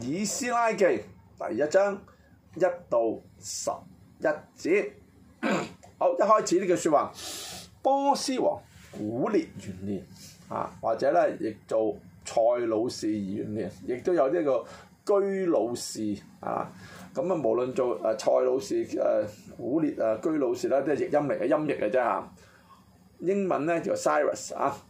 以斯拉記第一章一到十一節， 好一開始呢句説話，波斯王古列元年啊，或者咧亦做塞魯士元年，亦都有呢個居魯士啊，咁啊無論做誒、呃、塞魯士誒、呃、古列誒、啊、居魯士啦，都係譯音嚟嘅音譯嘅啫嚇。英文咧叫 Cyrus 啊。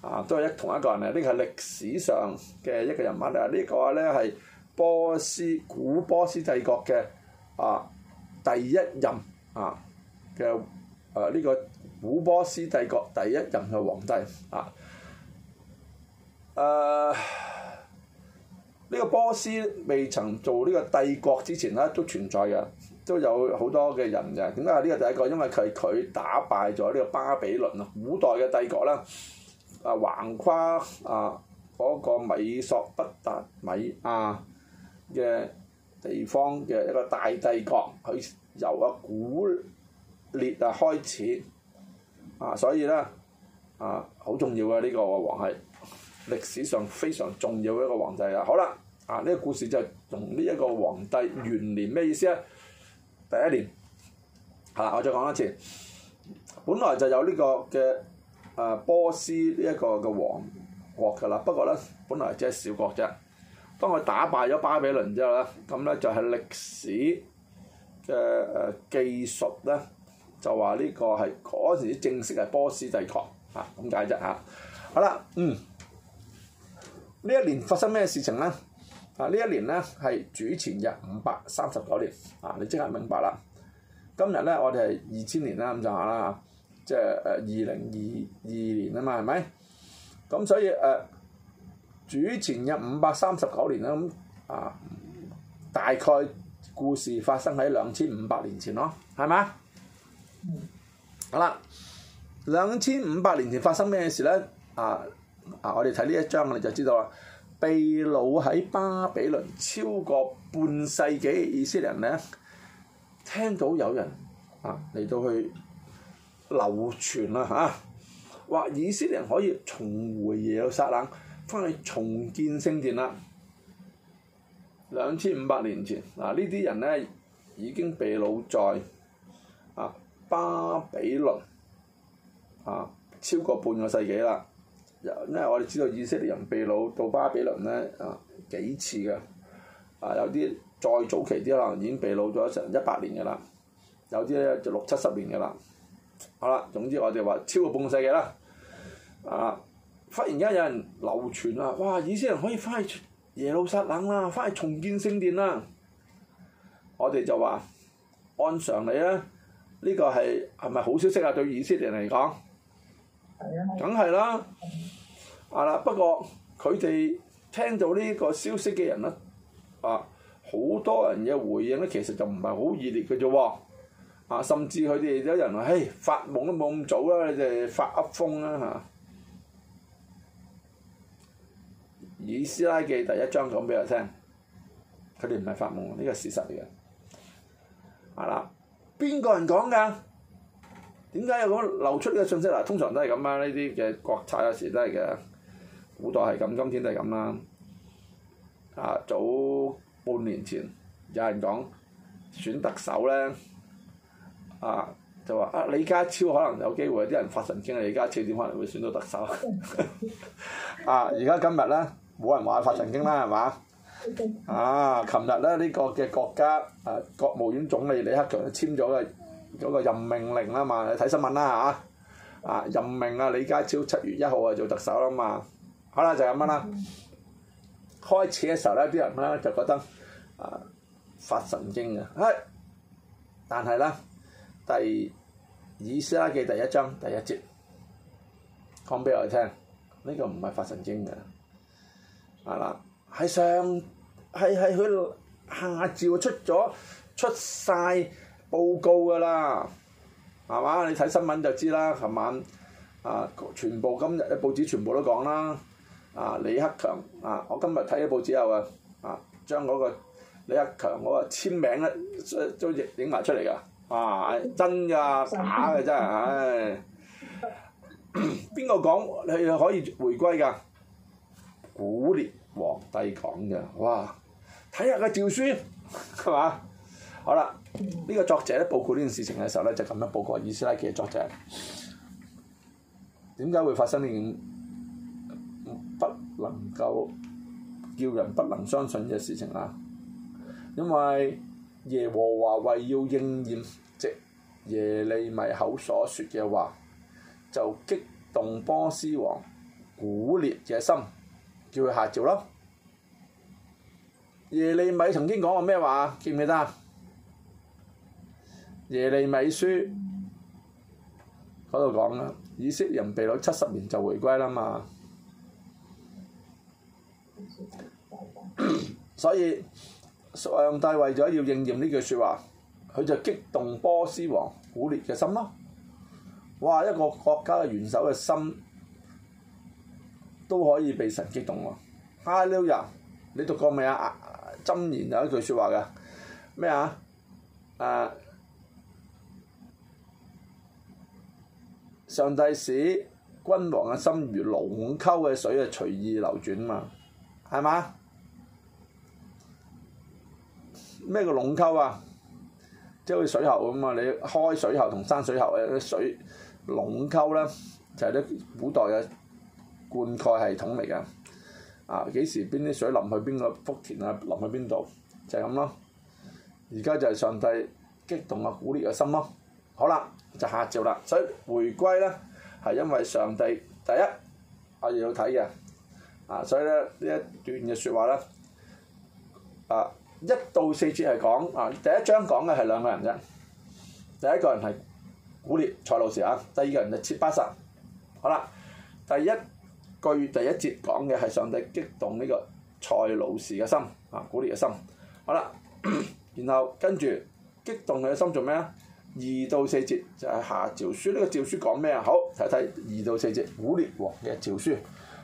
啊，都係一同一個人嚟，呢個係歷史上嘅一個人物啊！呢、呢個咧係波斯古波斯帝國嘅啊第一任啊嘅誒呢個古波斯帝國第一任嘅皇帝啊。誒、呢、呢個波斯未曾做呢個帝國之前咧，都存在嘅，都有好多嘅人嘅。點解係呢個第一個？因為佢佢打敗咗呢個巴比倫咯，古代嘅帝國啦。啊，橫跨啊嗰、那個美索不達米亞嘅、啊、地方嘅一個大帝國，佢由阿、啊、古列啊開始啊，所以咧啊好重要嘅呢、這個皇係歷史上非常重要嘅一個皇帝啊！好啦，啊呢個故事就係從呢一個皇帝元年咩意思啊？第一年啊，我再講一次，本來就有呢個嘅。誒，波斯呢一個嘅王國㗎啦，不過咧本來即係小國啫。當佢打敗咗巴比倫之後咧，咁咧就係歷史嘅、誒、呃、技術咧，就話呢個係嗰陣時正式係波斯帝國嚇，咁解啫嚇。好啦，嗯，呢一年發生咩事情咧？啊，呢一年咧係主前日五百三十九年，啊，你即刻明白啦。今日咧我哋係二千年啦，咁就下啦即係誒二零二二年啊嘛，係咪？咁所以誒、呃、主前嘅五百三十九年啦，咁啊大概故事發生喺兩千五百年前咯，係咪？好啦，兩千五百年前發生咩事咧？啊啊！我哋睇呢一章，我哋就知道啦。被擄喺巴比倫超過半世紀，以色列人咧聽到有人啊嚟到去。流傳啦嚇，話、啊、以色列人可以重回耶路撒冷，返去重建聖殿啦。兩千五百年前，嗱、啊、呢啲人咧已經被擄在啊巴比倫啊，超過半個世紀啦。因為我哋知道以色列人被擄到巴比倫咧啊幾次㗎，啊有啲再早期啲可能已經被擄咗成一百年㗎啦，有啲咧就六七十年嘅啦。好啦，總之我哋話超過半個世紀啦，啊！忽然間有人流傳啊，哇！以色列人可以翻去耶路撒冷啦，翻去重建聖殿啦。我哋就話按常理咧，呢個係係咪好消息啊？對以色列人嚟講，梗係啦。啊啦，不過佢哋聽到呢個消息嘅人咧，啊，好多人嘅回應咧，其實就唔係好熱烈嘅啫喎。啊！甚至佢哋都有人話，嘿，發夢都冇咁早啦，你哋發噏風啦嚇。以斯拉記第一章講俾我聽，佢哋唔係發夢，呢個事實嚟嘅。係啦，邊個人講㗎？點解有咁流出嘅信息嗱？通常都係咁啦，呢啲嘅國產有時都係嘅。古代係咁，今天都係咁啦。啊，早半年前有人講選特首咧。啊！就話啊，李家超可能有機會，有啲人發神經啊！李家超點可能會選到特首 啊！而家今日咧，冇人話發神經啦，係嘛？啊！琴日咧，呢個嘅國家啊，國務院總理李克強就簽咗嘅嗰個任命令啦嘛，你睇新聞啦嚇、啊！啊，任命啊，李家超七月一號啊做特首啦嘛。好啦，就咁啦。開始嘅時候咧，啲人咧就覺得啊發神經嘅、哎，但係咧。以斯拉記嘅第一章第一節講俾我哋聽，呢、這個唔係發神經嘅，係、啊、嘛？係上係係佢下詔出咗出晒報告㗎啦，係嘛？你睇新聞就知啦。琴晚啊，全部今日嘅報紙全部都講啦。啊，李克強啊，我今日睇咗報紙後啊，啊，將嗰個李克強嗰個簽名咧，將影埋出嚟㗎。啊！真噶假嘅真係，唉、哎！邊個講你可以回歸噶？古列皇帝講嘅。哇！睇下個詔書係嘛？好啦，呢、這個作者咧報告呢件事情嘅時候咧，就咁樣報告。以斯拉記嘅作者點解會發生呢件不能夠叫人不能相信嘅事情啊？因為耶和華為要應驗，耶利米口所說嘅話，就激動波斯王古列嘅心，叫佢下詔咯。耶利米曾經講過咩話啊？記唔記得啊？耶利米書嗰度講啦，以色列人被擄七十年就回歸啦嘛。所以上帝為咗要應驗呢句說話，佢就激動波斯王，古列嘅心咯，啊，哇！一個國家嘅元首嘅心都可以被神激動喎，啊。Hello，啊，呀，你讀過未啊？箴言有一句説話嘅咩啊？誒，上帝使君王嘅心如龍溝嘅水隨啊，隨意流轉嘛，係嘛？咩叫龍溝啊？因為水喉咁啊！你開水喉同生水喉嘅水龍溝咧就係啲古代嘅灌溉系統嚟噶。啊，幾時邊啲水淋去邊個福田啊？淋去邊度就係、是、咁咯。而家就係上帝激動啊、古列嘅心咯。好啦，就下節啦。所以回歸咧係因為上帝第一，我哋要睇嘅啊，所以咧呢一段嘅説話咧啊。一到四節係講啊，第一章講嘅係兩個人啫，第一個人係古列賽老士啊，第二個人就切巴薩，好啦，第一句第一節講嘅係上帝激動呢個賽老士嘅心啊，古列嘅心，好啦，然後跟住激動佢嘅心做咩啊？二到四節就係下詔書，呢、這個詔書講咩啊？好，睇睇二到四節古列王嘅詔書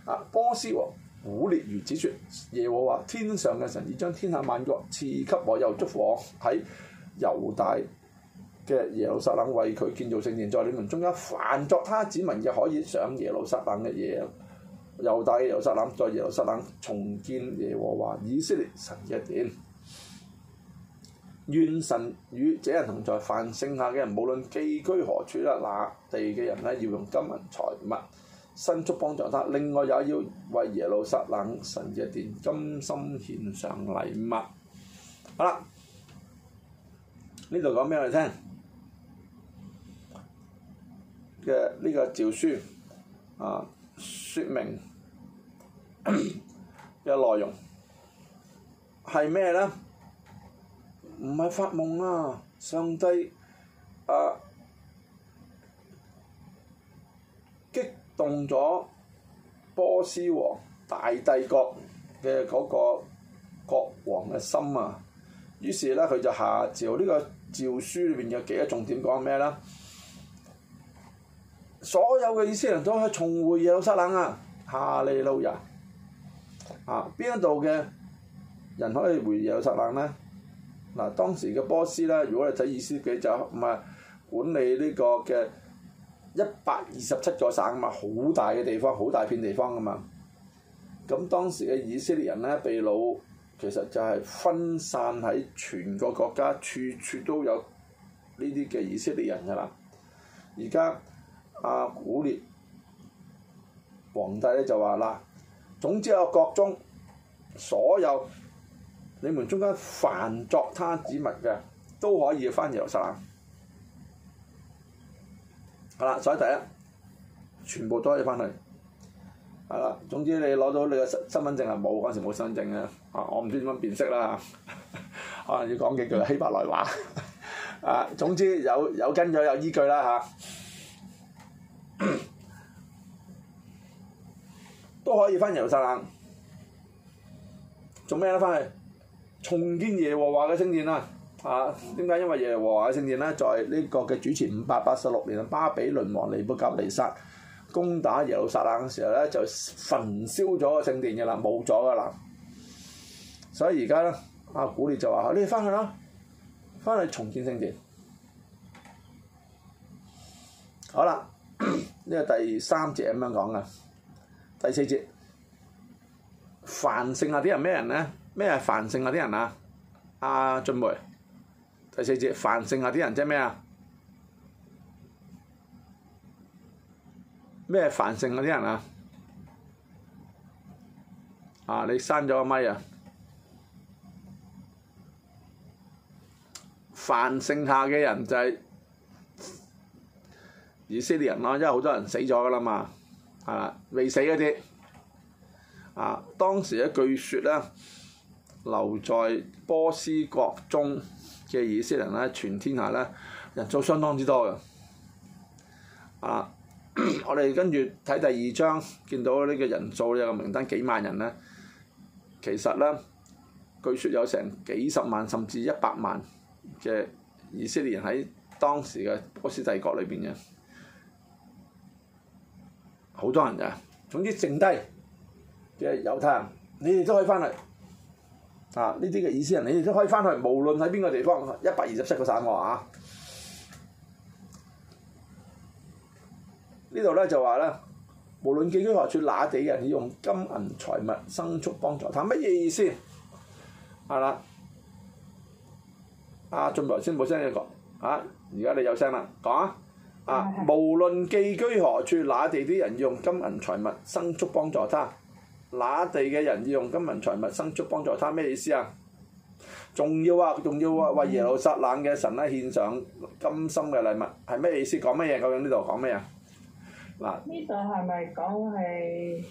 啊，波斯王。古列如此說：耶和華天上嘅神已將天下萬國賜給我，又祝福我喺猶大嘅耶路撒冷為佢建造聖殿，在你們中間凡作他子民嘅可以上耶路撒冷嘅耶，猶大嘅耶路撒冷，在耶路撒冷重建耶和華以色列神嘅殿，願神與這人同在，凡剩下嘅人無論寄居何處啦，那地嘅人咧要用金銀財物。伸出幫助他，另外也要為耶路撒冷神嘅殿甘心獻上禮物。好啦，講呢度講咩嚟聽嘅呢個詔書啊，説明嘅內 容係咩咧？唔係發夢啊，上帝啊！動咗波斯王大帝國嘅嗰、那個國王嘅心啊，於是咧佢就下詔，這個、召呢個詔書裏邊有幾個重點講咩咧？所有嘅以色列人都可以重回耶路撒冷啊，哈利路亞！啊，邊一度嘅人可以回耶路撒冷咧？嗱、啊，當時嘅波斯咧，如果你睇意思嘅就唔係管理呢個嘅。一百二十七個省嘛，好大嘅地方，好大片地方噶嘛。咁當時嘅以色列人咧，被擄其實就係分散喺全個國家，處處都有呢啲嘅以色列人噶啦。而家阿古列皇帝咧就話啦：總之啊，我國中所有你們中間凡作他子民嘅，都可以返猶太。好啦，所以第一，全部都可以翻去。係啦。總之你攞到你嘅身份證，係冇，嗰陣時冇身份證嘅，啊我唔知點樣辨識啦，可能要講幾句希伯來話，啊總之有有根據有依據啦嚇、啊，都可以翻遊撒冷啦，做咩咧翻去重建耶和華嘅聖殿啊！啊，點解因為耶和華聖殿咧，在呢個嘅主前五百八十六年，巴比倫王尼布甲尼撒攻打耶路撒冷嘅時候咧，就焚燒咗聖殿嘅啦，冇咗噶啦。所以而家咧，阿古列就話：你哋返去啦，返去重建聖殿。好啦，呢個第三節咁樣講噶，第四節，凡剩啊啲人咩人咧？咩係凡剩啊啲人啊？阿俊梅。第四節，凡剩下啲人即係咩啊？咩凡剩下啲人啊？啊！你閂咗個咪啊！凡剩下嘅人就係、是、以色列人咯、啊，因為好多人死咗噶啦嘛，係、啊、啦，未死嗰啲啊，當時咧據說咧留在波斯國中。嘅以色列人咧，全天下咧人數相當之多嘅。啊， 我哋跟住睇第二章，見到呢個人數有個名單幾萬人咧，其實咧據說有成幾十萬甚至一百萬嘅以色列人喺當時嘅波斯帝國裏邊嘅，好多人㗎。總之剩低嘅猶太人，你哋都可以翻嚟。啊！呢啲嘅意思人你都可以翻去，無論喺邊個地方，一百二十七個省喎嚇。啊、呢度咧就話咧，無論寄居何處那地人，要用金銀財物牲畜幫助他，乜嘢意思？係、啊、啦。阿俊伯先冇聲嘅講，而、啊、家你有聲啦，講啊,啊！無論寄居何處那地啲人，用金銀財物牲畜幫助他。那地嘅人要用金銀財物牲畜幫助他，咩意思啊？仲要啊，仲要啊，為耶路撒冷嘅神啊獻上甘心嘅禮物，係咩意思？講乜嘢？究竟呢度講咩啊？嗱，呢度係咪講係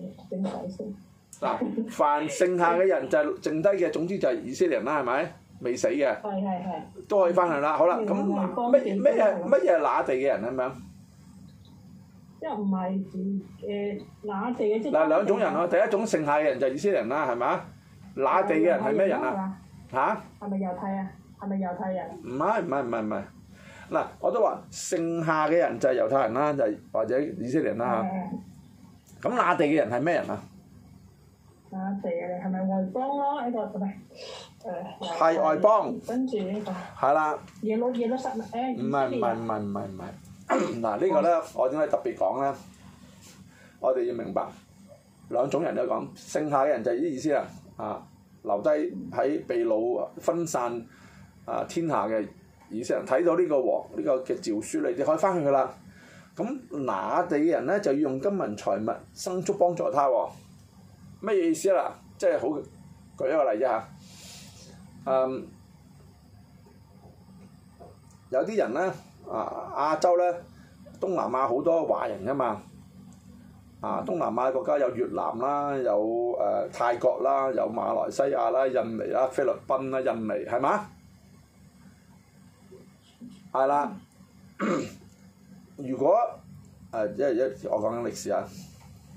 誒點講先？嗱，凡剩下嘅人就係剩低嘅，總之就係以色列人啦，係咪？未死嘅，係係係，都可以翻去啦。好啦，咁乜乜嘢乜嘢那地嘅人係咪？即係唔係誒揦地嘅職？嗱兩種人哦，第一種剩下嘅人就係以色列人啦，係咪啊？揦地嘅人係咩人啊？嚇？係咪猶太啊？係咪猶太人？唔係唔係唔係唔係，嗱我都話剩下嘅人就係猶太人啦，就係或者以色列人啦嚇。咁揦地嘅人係咩人啊？揦地嘅人係咪外邦咯？呢個係咪誒。係外邦。跟住呢個。係啦。耶路耶路撒冷誒以色列。唔係唔係唔係唔係唔係。嗱、 這個、呢個咧，我點解特別講咧？我哋要明白兩種人都講，剩下嘅人就係啲意思啦，啊，留低喺被擄分散啊天下嘅以色列人、啊、睇到呢個王呢、這個嘅詔書你就可以翻去噶啦。咁那，那地嘅人咧，就要用金銀財物牲畜幫助他喎。咩、啊、意思啦？即係好舉一個例子嚇，誒、啊、有啲人咧。啊！亞洲咧，東南亞好多華人噶嘛，啊！東南亞國家有越南啦，有誒泰國啦，有馬來西亞啦、印尼啦、菲律賓啦、印尼係嘛？係啦。如果誒一一我講緊歷史啊，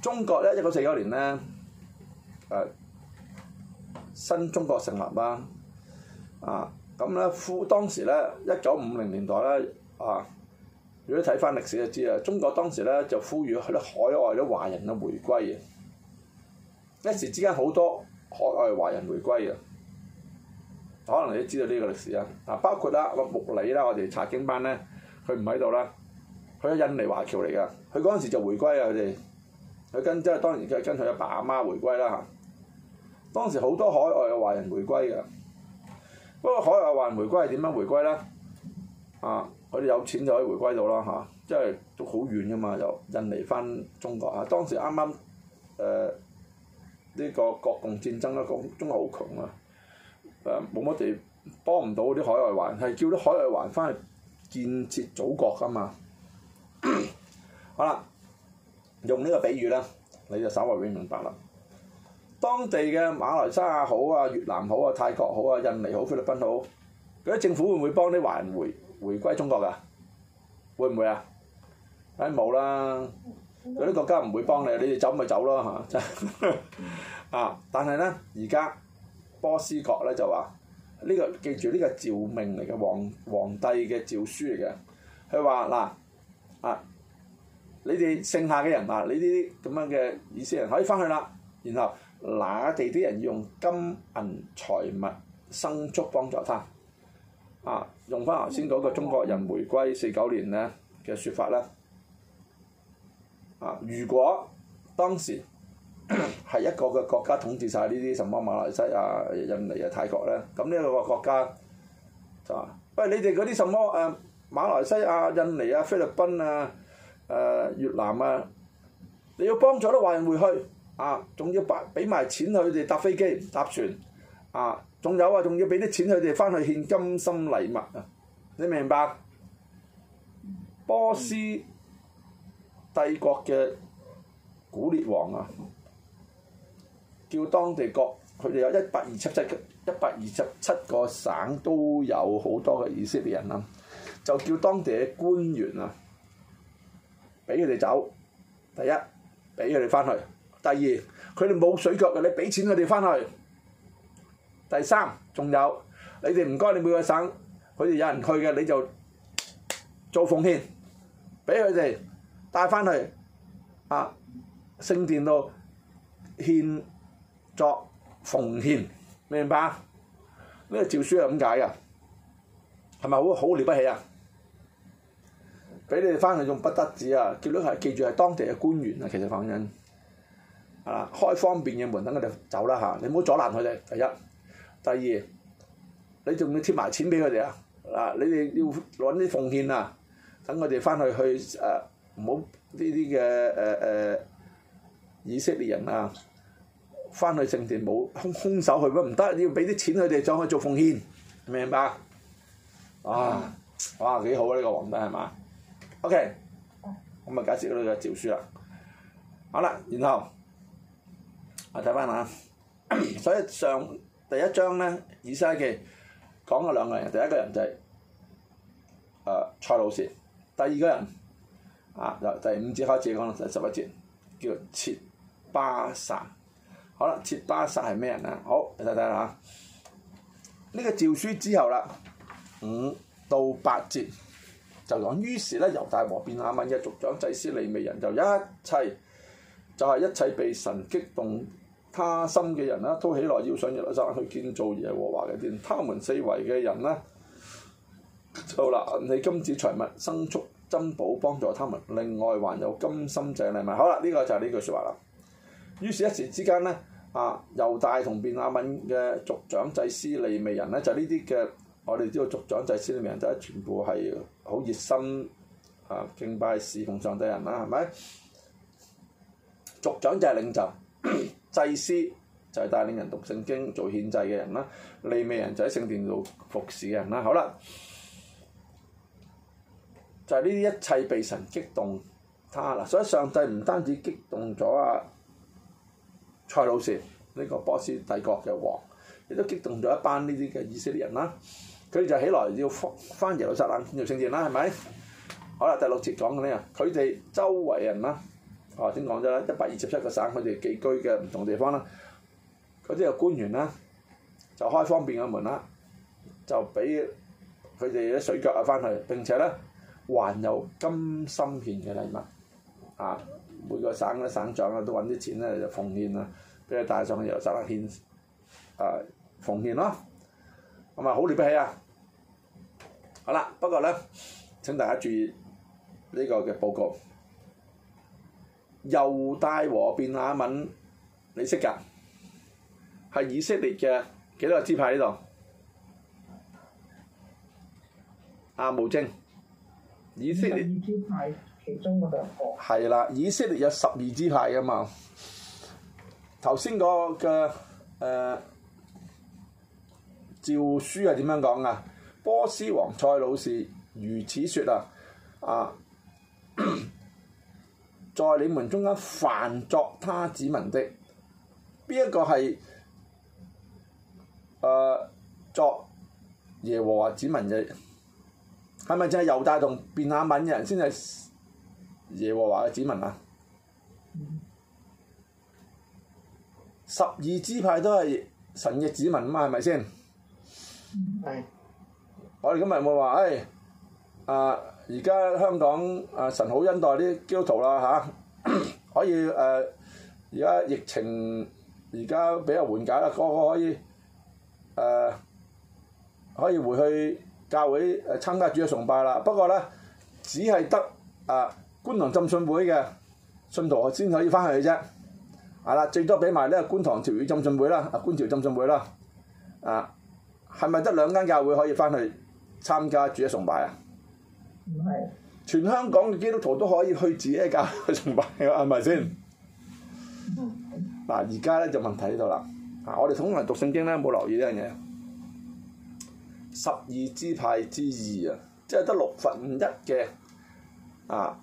中國咧一九四九年咧，誒新中國成立啦，啊咁咧當時咧一九五零年代咧。嚇！如果睇翻歷史就知啦，中國當時咧就呼籲啲海外啲華人嘅回歸嘅，一時之間好多海外華人回歸嘅，可能你都知道呢個歷史啦。嗱，包括啦個穆里啦，我哋查經班咧，佢唔喺度啦，佢喺印尼華僑嚟㗎，佢嗰陣時就回歸啊佢哋，佢跟即係當然跟跟佢阿爸阿媽回歸啦嚇。當時好多海外嘅華人回歸㗎，不過海外華人回歸係點樣回歸咧？啊！佢哋有錢就可以回歸到啦嚇，即係都好遠噶嘛，由印尼翻中國嚇、啊。當時啱啱誒呢個國共戰爭啦，講中國好窮啊，誒冇乜地幫唔到啲海外華人，係叫啲海外華人翻去建設祖國㗎嘛。 好啦，用呢個比喻咧，你就稍為會明白啦。當地嘅馬來西亞好啊、越南好啊、泰國好啊、印尼好、菲律賓好，嗰啲政府會唔會幫你還回？回歸中國噶，會唔會啊？誒冇啦，有啲 國家唔會幫你，你哋走咪走咯嚇、 啊這個，啊！但係咧，而家波斯國咧就話呢個記住呢個詔命嚟嘅皇皇帝嘅詔書嚟嘅，佢話嗱啊，你哋剩下嘅人嗱、啊，你啲咁樣嘅以色列人可以返去啦，然後嗱地啲人要用金銀財物牲畜幫助他，啊！用翻頭先嗰個中國人回歸四九年咧嘅說法咧，啊！如果當時係一個嘅國家統治晒呢啲什麼馬來西亞、印尼啊、泰國咧，咁呢個國家就話：喂，你哋嗰啲什麼誒、啊、馬來西亞、印尼啊、菲律賓啊、誒越南啊，你要幫助都華人回去啊，仲要俾埋錢佢哋搭飛機、搭船啊！仲有啊，仲要俾啲錢佢哋翻去獻金心禮物啊！你明白？波斯帝國嘅古列王啊，叫當地國，佢哋有一百二十七，一百二十七個省都有好多嘅以色列人啊，就叫當地嘅官員啊，俾佢哋走。第一，俾佢哋翻去；第二，佢哋冇水腳嘅，你俾錢佢哋翻去。第三仲有，你哋唔該，你每個省佢哋有人去嘅，你就做奉獻，俾佢哋帶翻去啊聖殿度獻作奉獻，明白呢？呢個詔書係咁解噶，係咪好好了不起啊？俾你哋翻去仲不得止啊！結諗係記住係當地嘅官員啊，其實講緊啊，開方便嘅門，等佢哋走啦嚇，你唔好阻攔佢哋。第一。第二，你仲要貼埋錢俾佢哋啊！嗱，你哋要攞啲奉獻啊，等佢哋翻去去誒，唔好呢啲嘅誒誒以色列人啊，翻去聖殿冇空空手去咩唔得？你要俾啲錢佢哋，再去做奉獻，明白？啊，哇幾好啊！呢、呢個皇帝係嘛？O K，咁咪解釋嗰啲嘅詔書啦。好啦，然後我睇翻下，所以上。第一章咧，以斯拉記講嘅兩個人，第一個人就係誒賽路士，第二個人啊由第五節開始講到第十一節叫設巴薩。好啦，設巴薩係咩人啊？好，你睇睇下。呢、啊這個詔書之後啦，五到八節就講，於是咧，猶大和便雅憫嘅族長祭司利未人就一切就係、是、一切被神激動。他心嘅人啦，都起來要上耶路撒冷去建造耶和華嘅殿。他們四圍嘅人啦，好、就、啦、是，你，金子財物牲畜珍寶幫助他們。另外還有甘心者禮物。好啦，呢、這個就係呢句説話啦。於是，一時之間咧，啊，猶大同便雅憫嘅族長祭司利未人咧，就呢啲嘅我哋知道族長祭司利未人，就都全部係好熱心啊敬拜侍奉上帝人啦，係咪？族長就係領袖。 祭司就係、是、帶領人讀聖經、做獻祭嘅人啦，利未人就喺聖殿度服侍嘅人啦。好啦，就係呢啲一切被神激動他啦，所以上帝唔單止激動咗啊，蔡老士呢、這個波斯帝國嘅王，亦都激動咗一班呢啲嘅以色列人啦。佢哋就起來要返翻耶路撒冷做聖殿啦，係咪？好啦，第六節講緊呢，佢哋周圍人啦。哦，頭先講咗啦，一百二十七個省，佢哋寄居嘅唔同地方啦，嗰啲嘅官員啦，就開方便嘅門啦，就俾佢哋啲水腳啊翻去，並且咧還有金芯片嘅禮物，啊每個省嘅省長啊都揾啲錢咧就奉獻啊，俾佢帶上去又得片啊奉獻咯，咁啊好了不起啊，好啦，不過咧請大家注意呢個嘅報告。猶大和便雅憫，你識㗎？係以色列嘅幾多個支派呢度？阿、啊、毛精，以色列支派其中嗰兩個。係啦，以色列有十二支派㗎嘛？頭先嗰個嘅誒，詔、呃、書係點樣講㗎？波斯王塞魯士如此說啊！啊。 在你們中間凡作他子民的，邊一個係誒、呃、作耶和華子民嘅？係咪就係猶大同便雅憫人先係耶和華嘅子民啊？十二支派都係神嘅子民嘛，係咪先？係是。我哋今日有冇話，誒、哎、啊！呃而家香港啊，神好恩待啲基督徒啦吓、啊， 可以誒。而、啊、家疫情而家比較緩解啦，個個可以誒、啊、可以回去教會誒參加主嘅崇拜啦。不過咧，只係得啊觀塘浸信會嘅信徒先可以翻去嘅啫。係、啊、啦，最多俾埋呢個觀塘潮語浸信會啦，啊觀潮浸信會啦。啊，係咪得兩間教會可以翻去參加主嘅崇拜啊？全香港嘅基督徒都可以去自己嘅教堂崇拜嘅，係咪先？嗱，而家咧就問題喺度啦。嗱，我哋通常讀聖經咧冇留意呢樣嘢，十二支派之二啊，即係得六分五一嘅啊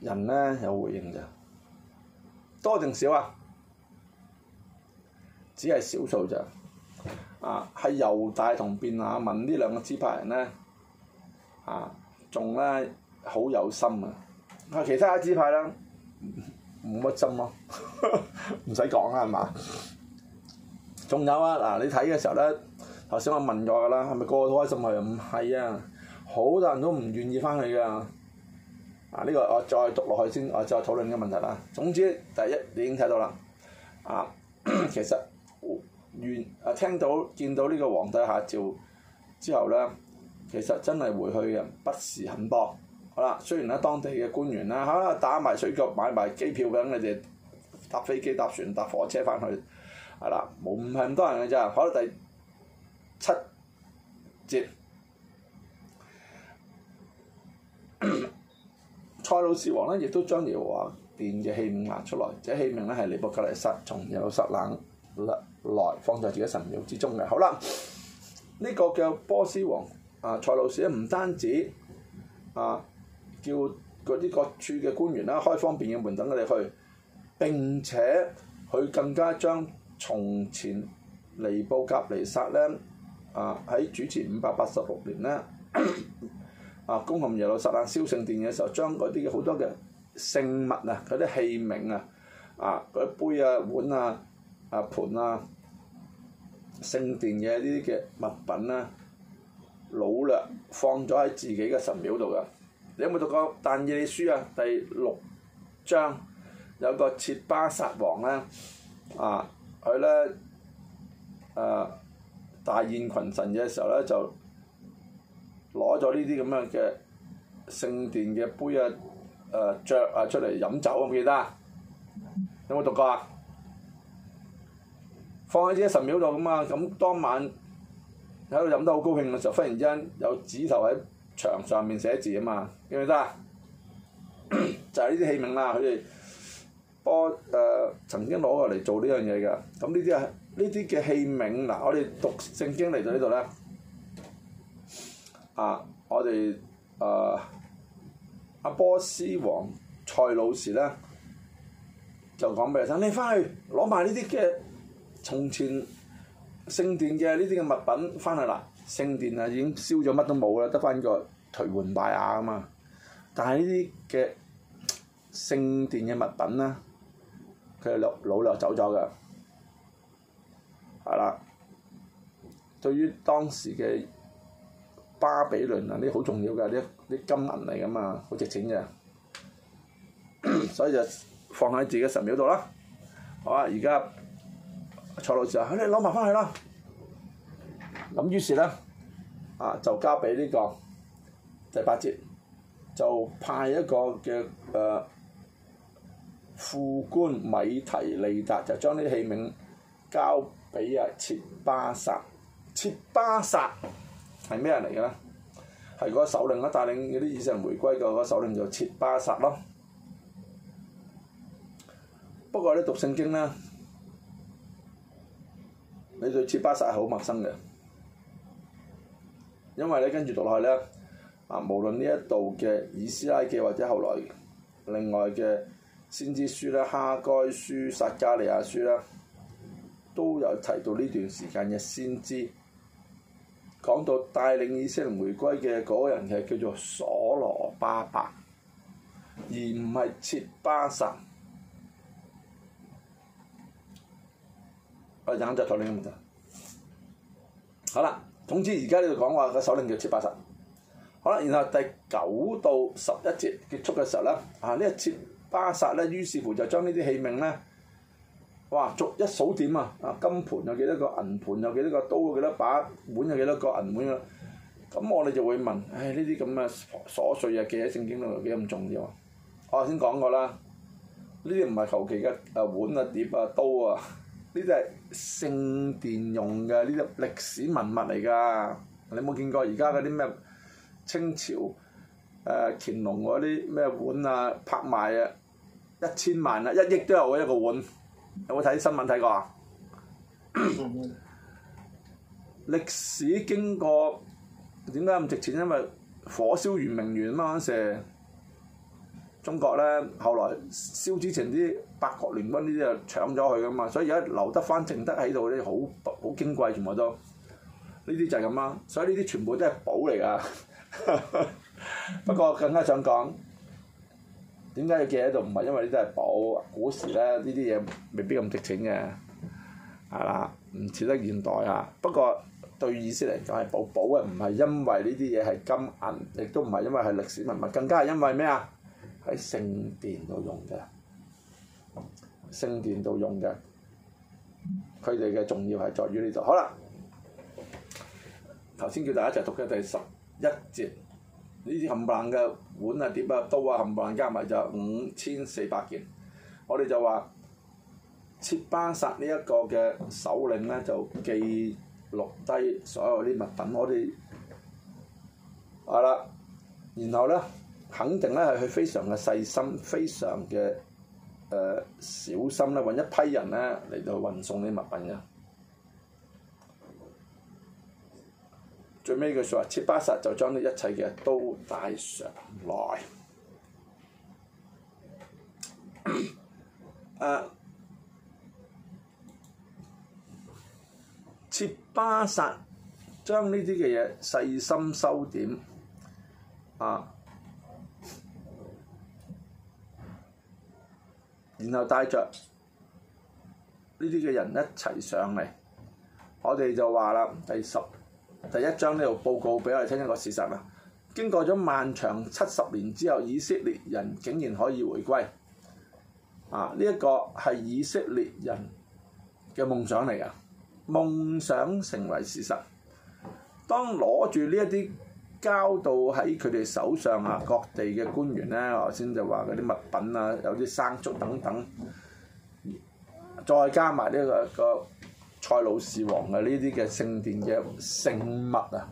人咧有回應就多定少啊？只係少數咋。啊，係猶大同便雅憫呢兩個支派人咧。啊，仲咧好有心啊！啊，其他一支派啦，冇乜心咯，唔使講啦，係嘛？仲有啊，嗱，你睇嘅時候咧，頭先我問咗啦，係咪個個都開心去？唔係啊，好多人都唔願意翻去噶。啊，呢個我再讀落去先，我再討論呢個問題啦。總之，第一你已經睇到啦。啊， 其實原啊，聽到見到呢個皇帝下詔之後咧。其實真係回去嘅人不是很多，好啦，雖然咧當地嘅官員咧嚇打埋水腳買埋機票咁，佢哋搭飛機搭船搭火車翻去係啦，冇唔係咁多人嘅咋，跑到第七節，塞魯 士王咧亦都將耶和華殿嘅器皿拿出來，這器皿咧係尼布甲尼撒從耶路撒冷來放在自己神廟之中嘅。好啦，呢、這個叫波斯王。啊！蔡老師咧，唔單止啊、呃，叫嗰啲各處嘅官員啦，開方便嘅門等佢哋去。並且佢更加將從前尼布甲尼撒咧啊喺主前五百八十六年咧啊、呃，攻陷耶路撒冷燒聖殿嘅時候，將嗰啲好多嘅聖物啊、嗰啲器皿啊、啊嗰啲杯啊、啊碗啊、啊盤啊聖殿嘅呢啲嘅物品咧。老啦，放咗喺自己嘅神廟度噶。你有冇讀過但以理書啊？第六章有個切巴薩王咧，啊，佢咧誒大宴群臣嘅時候咧，就攞咗呢啲咁樣嘅聖殿嘅杯啊、誒爵啊出嚟飲酒，記唔記得？有冇讀過啊？放喺自己神廟度咁啊，咁當晚，喺度飲得好高興嘅時候，忽然之間有指頭喺牆上面寫字啊嘛，記唔記得啊？ 就係呢啲器皿啦，佢哋波誒、呃、曾經攞過嚟做呢樣嘢㗎。咁呢啲啊，呢啲嘅器皿嗱，我哋讀聖經嚟到呢度咧，啊，我哋誒阿波斯王塞魯士咧就講俾你聽，你翻去攞埋呢啲嘅從前。聖殿嘅呢啲嘅物品翻去啦，聖殿啊已經燒咗，乜都冇啦，得翻個頹垣敗瓦啊嘛。但係呢啲嘅聖殿嘅物品啦，佢又老老啦走咗㗎，係啦。對於當時嘅巴比倫啊，呢好重要㗎，啲啲金銀嚟㗎嘛，好值錢嘅， 所以就放喺自己神廟度啦。好啊，而家。蔡老師話，你攞埋翻去啦。咁於是咧，啊就交俾呢，這個第八節，就派一個嘅誒，呃、副官米提利達，就將啲器皿交俾啊切巴薩。切巴薩係咩人嚟嘅咧？係嗰個首領啦，帶領嗰啲以色列人回歸嘅嗰首領就切巴薩咯。不過咧，讀聖經咧。你對切巴撒係好陌生嘅，因為咧跟住讀落去咧，啊無論呢一度嘅以斯拉記或者後來另外嘅先知書咧、哈該書、撒迦利亞書咧，都有提到呢段時間嘅先知，講到帶領以色列回歸嘅嗰個人嘅叫做所羅巴伯，而唔係切巴撒。就頭領嘅好啦，總之而家呢度講話個首領叫切巴薩。好啦，然後第九到十一節結束嘅時候咧，啊一切呢一節巴薩咧，於是乎就將呢啲器皿咧，哇逐一數點啊！啊金盤有幾多個，銀盤有幾多個，刀有幾多把，碗有幾多個，銀碗啊。咁我哋就會問：唉呢啲咁嘅瑣碎嘢、啊、記喺聖經度有幾咁重要？啊？我頭先講過啦，呢啲唔係求其嘅啊碗啊碟啊刀啊。呢啲係聖殿用嘅，呢啲歷史文物嚟㗎。你冇見過而家嗰啲咩清朝誒、呃、乾隆嗰啲咩碗啊，拍賣啊，一千萬啊，一億都有嘅一個碗，有冇睇新聞睇過啊？ 歷史經過點解咁值錢？因為火燒圓明園啊嘛嗰時。中國咧，後來燒之前啲八國聯軍呢啲啊，搶咗佢噶嘛，所以而家留得翻淨得喺度啲好好矜貴，全，全部都呢啲就係咁啦。所以呢啲全部都係寶嚟噶。不過更加想講點解要記喺度？唔係因為呢啲係寶，古時咧呢啲嘢未必咁值錢嘅，係啦，唔似得現代啊。不過對以色列嚟講係寶，寶啊唔係因為呢啲嘢係金銀，亦都唔係因為係歷史文物，更加係因為咩啊？喺聖殿度用嘅，聖殿度用嘅，佢哋嘅重要係在於呢度。好啦，頭先叫大家一齊讀嘅第十一節，呢啲冚唪唥嘅碗啊、碟啊、刀啊、冚唪唥加埋就五千四百件。我哋就話設巴薩呢一個嘅首領咧，就記錄低所有啲物品。我哋係啦，然後咧。肯定咧係佢非常嘅細心，非常嘅誒、呃、小心咧，揾一批人咧嚟到運送啲物品嘅。最尾佢說話，設巴薩就將呢一切嘅都帶上來。 啊，設巴薩將呢啲嘅嘢細心收點，啊。然後帶着呢啲嘅人一齊上嚟，我哋就話啦，第十第一章呢度報告俾我哋聽一個事實啦。經過咗漫長七十年之後，以色列人竟然可以回歸啊！呢一個係以色列人嘅夢想嚟噶，夢想成為事實。當攞住呢一啲。交到喺佢哋手上啊！各地嘅官員咧，頭先就話嗰啲物品啊，有啲生粟等等，再加埋呢、這個一、這個、這個、塞魯士王嘅呢啲嘅聖殿嘅聖物啊，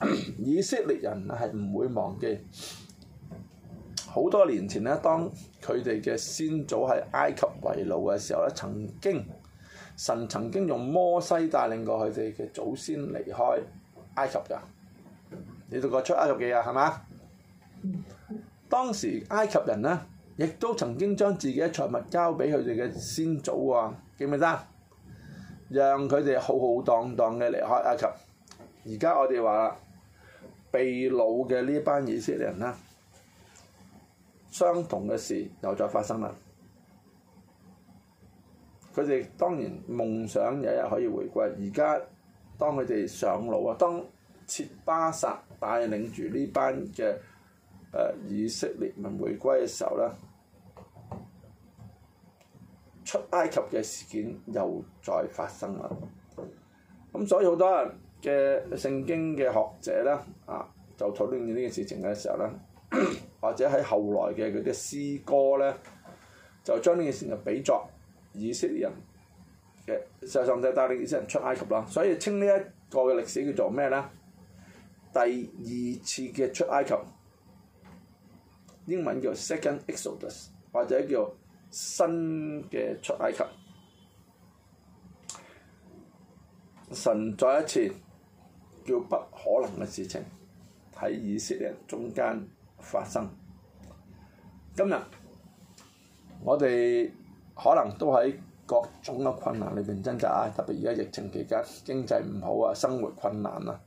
以色列人係唔會忘記好多年前咧，當佢哋嘅先祖喺埃及為奴嘅時候咧，曾經神曾經用摩西帶領過佢哋嘅祖先離開埃及噶。你讀過出埃及記啊，係嘛？當時埃及人咧，亦都曾經將自己嘅財物交俾佢哋嘅先祖啊，記唔記得？讓佢哋浩浩蕩蕩嘅離開埃及。而家我哋話啦，秘魯嘅呢班以色列人咧，相同嘅事又再發生啦。佢哋當然夢想日日可以回歸，而家當佢哋上路啊，當設巴薩帶領住呢班嘅誒以色列人回歸嘅時候咧，出埃及嘅事件又再發生啦。咁所以好多人嘅聖經嘅學者咧，啊就討論住呢件事情嘅時候咧，或者喺後來嘅嗰啲詩歌咧，就將呢件事情比作以色列人嘅就上帝帶領以色列人出埃及啦。所以稱呢一個嘅歷史叫做咩咧？第二次嘅出埃及，英文叫 Second Exodus，或者叫新嘅出埃及，神再一次叫不可能嘅事情喺以色列中間發生。今日我哋可能都喺各種嘅困難裏邊掙扎，特別而家疫情期間經濟唔好啊，生活困難啊。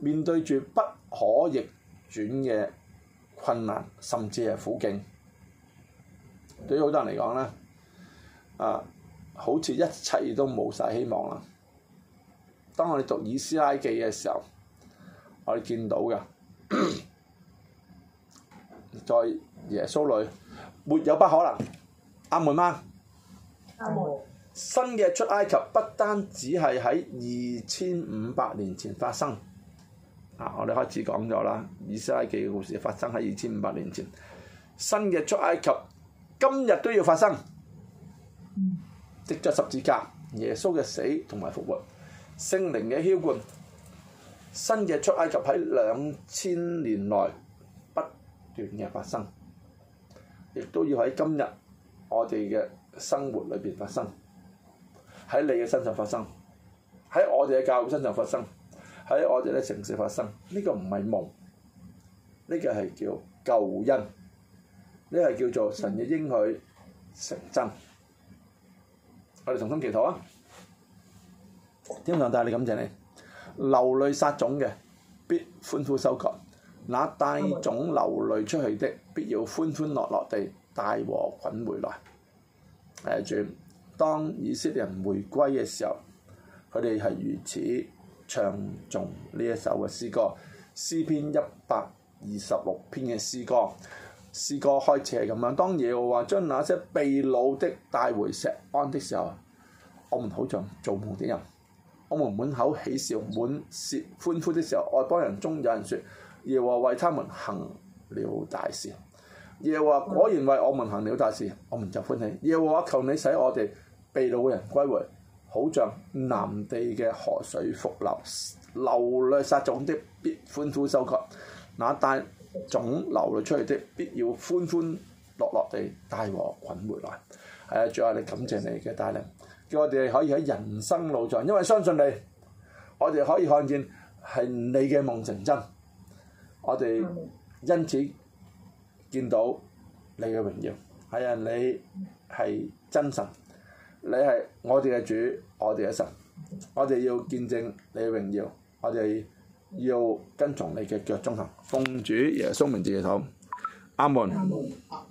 面對住不可逆轉嘅困難，甚至係苦境，對於好多人嚟講咧，啊，好似一切都冇晒希望啦。當我哋讀以斯拉記嘅時候，我哋見到嘅，在 耶穌裏沒有不可能。阿門嗎？阿門們。新嘅出埃及不單只係喺二千五百年前發生。啊！我哋開始講咗啦，《以斯拉記》嘅故事發生喺二千五百年前。新嘅出埃及，今日都要發生。藉著十字架，耶穌嘅死同埋復活，聖靈嘅澆灌。新嘅出埃及喺兩千年內不斷嘅發生，亦都要喺今日我哋嘅生活裏邊發生，喺你嘅身上發生，喺我哋嘅教會身上發生。喺我哋嘅城市發生，呢、這個唔係夢，呢、這個係叫救恩，呢、這、係、個、叫做神嘅應許成真。我哋同心祈禱啊！天上帝，你感謝你，流淚撒種嘅，必歡呼收割；那帶種流淚出去的，必要歡歡樂樂地帶禾捆回來。誒住，當以色列人回歸嘅時候，佢哋係如此。唱誦呢一首嘅詩歌，詩篇一百二十六篇嘅詩歌，詩歌開始係咁樣。當耶和華將那些被擄的帶回錫安的時候，我們好像做夢的人，我們滿口喜笑滿舌歡呼的時候，外邦人中有人說：「耶和華為他們行了大事。」耶和華果然為我們行了大事，我們就歡喜。耶和華求你使我哋被擄的人歸回。好像南地嘅河水復流，流淚撒種的必歡呼收割，那帶種流淚出嚟的，必要歡歡樂樂地帶禾捆回來。係啊，最後你感謝你嘅帶領，叫我哋可以喺人生路上，因為相信你，我哋可以看見係你嘅夢成真，我哋因此見到你嘅榮耀。係啊，你係真神。你係我哋嘅主，我哋嘅神，我哋要見證你嘅榮耀，我哋要跟從你嘅腳中行，奉主耶穌名字嘅頭，阿門。阿